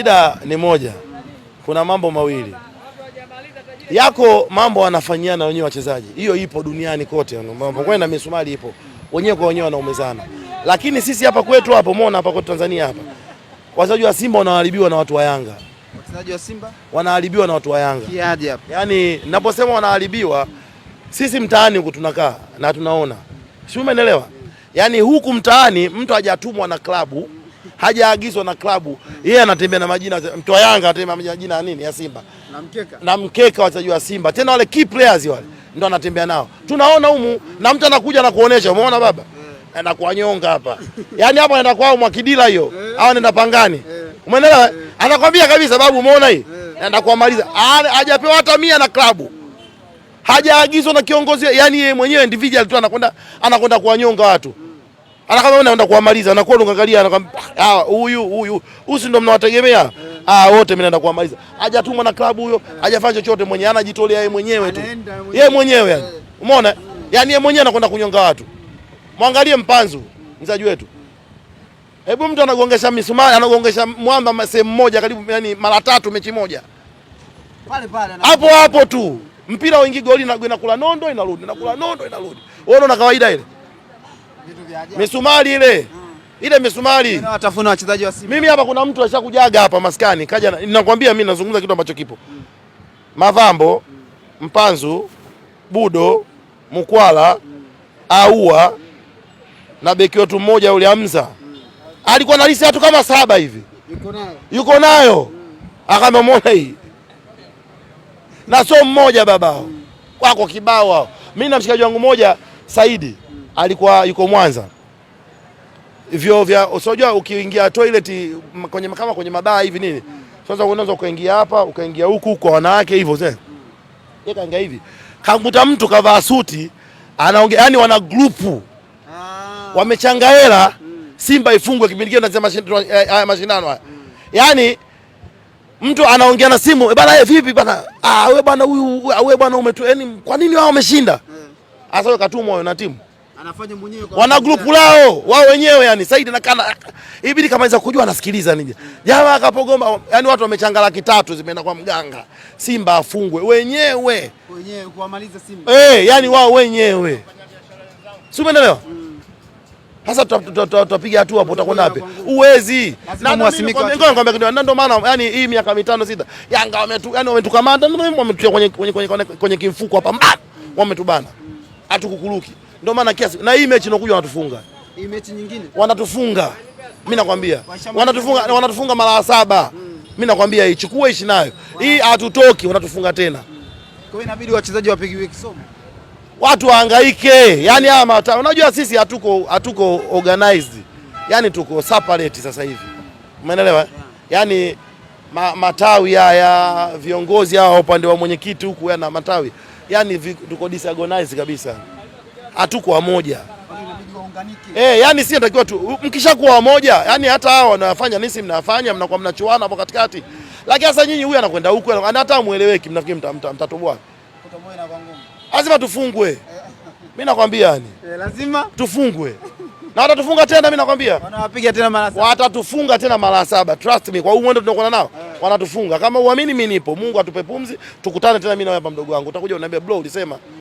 Shida ni moja, kuna mambo mawili yako mambo wanafanyiana wenyewe wachezaji, hiyo ipo duniani kote, mambo kwani na misumari ipo, wenyewe kwa wenyewe wanaumezana. Lakini sisi hapa kwetu hapo umeona hapa kwetu Tanzania hapa wachezaji wa Simba wanaharibiwa na watu wa Yanga, wachezaji wa Simba wanaharibiwa na watu wa Yanga kiaje hapa? Yaani ninaposema wanaharibiwa, sisi mtaani huku tunakaa na tunaona, si umeelewa? Yaani huku mtaani mtu hajatumwa na klabu hajaagizwa na klabu yeye, anatembea na majina, mtu wa Yanga anatembea na majina ya nini ya Simba na mkeka, na mkeka wachezaji wa Simba, tena wale key players wale ndo anatembea nao, tunaona humu, na mtu anakuja na kuonesha, umeona baba anaenda eh. nyonga hapa, yaani hapa anaenda kwao Mwakidila hiyo eh. au anaenda Pangani, eh. umeelewa? Anakwambia kabisa babu, umeona hii anaenda kuamaliza, hajapewa hata mia na klabu hajaagizwa na kiongozi, yaani yeye mwenyewe individual tu anakwenda anakwenda kuwanyonga watu. Hata kama unaenda kuamaliza na kwao unaangalia anakwambia ah, huyu huyu usi ndo mnawategemea. Ah, wote mimi naenda kuamaliza. Hajatumwa na klabu huyo, hajafanya chochote mwenyewe, anajitolea yeye mwenyewe tu. Yeye mwenyewe yani. Umeona? yani, yeye mwenyewe anakwenda kunyonga watu. Mwangalie Mpanzu, mzaji wetu. Hebu mtu anagongesha misumari, anagongesha mwamba sehemu moja karibu yani mara tatu mechi moja. Pale pale hapo hapo tu. Mpira uingi goli na inakula nondo inarudi, inakula nondo inarudi. Wewe unaona kawaida ile? misumari ile hmm. ile misumari watafuna wachezaji wa Simba. Mimi hapa kuna mtu ashakujaga hapa maskani kaja, nakwambia mimi nazungumza kitu ambacho kipo hmm. Mavambo hmm. Mpanzu Budo Mkwala Aua na beki wetu mmoja yule Hamza alikuwa na lisi watu kama saba hivi yuko nayo, yuko nayo. hii na so mmoja babao kwako kibao. Mimi na mshikaji wangu mmoja Saidi alikuwa yuko Mwanza vyo vya usijua, ukiingia toilet kwenye kama kwenye mabaa hivi nini, sasa unaweza ukaingia hapa ukaingia huku kwa wanawake hivyo zee, yeye kaingia hivi kanguta mtu kavaa suti anaongea, yani wana group ah, wamechanga hela mm. Simba ifungwe kipindi kile tunasema eh, eh, haya mashindano haya, mm, yani mtu anaongea na simu eh, bana, vipi bana, ah wewe bana, huyu wewe bana, umetu yani, kwa nini wao wameshinda? Sasa wewe katumwa na timu anafanya mwenyewe kwa wana grupu lao wao wenyewe yani. Saidi na kana ibidi kama iza kujua anasikiliza nini jamaa akapogoma, yani watu wamechanga laki tatu zimeenda kwa mganga, Simba afungwe wenyewe wenyewe kuamaliza Simba eh, hey, yani wao wenyewe, si umeelewa? Mm. Sasa tutapiga hatua hapo, utakwenda wapi? Uwezi na mwasimika ndio maana yani hii miaka mitano sita Yanga wametu yani wametukamata, wametutia kwenye kwenye kwenye kimfuko hapa mbali, mm. wametubana, mm. hatukukuruki ndio maana kiasi na hii mechi inakuja wanatufunga. Hii mechi nyingine wanatufunga. Mimi nakwambia. Wanatufunga wanatufunga mara saba. Mimi nakwambia ichukue ishi nayo. Hii hatutoki wanatufunga tena. Kwa hiyo inabidi wachezaji wapigiwe kisomo. Watu wahangaike. yani ama unajua sisi hatuko hatuko organized. yani tuko separate sasa hivi. Umeelewa? yani ma, matawi haya viongozi hawa upande wa mwenyekiti huku na matawi. yani tuko disorganized kabisa hatuko wamoja eh, yani si natakiwa tu, mkishakuwa wamoja yani hata hao wanafanya nisi mnafanya mnakuwa mnachuana hapo katikati, lakini sasa nyinyi huyu anakwenda huko ana hata mueleweki, mnafikiri mtatoboa? Lazima tufungwe, mimi eh. nakwambia yani eh, lazima tufungwe na watatufunga tena, mimi nakwambia wanawapiga tena mara saba, watatufunga tena mara saba. Trust me, kwa huu mwendo tunakwenda nao yeah. Wanatufunga kama uamini, mimi nipo. Mungu atupe pumzi, tukutane tena mimi na wewe hapa, mdogo wangu, utakuja unaambia bro, ulisema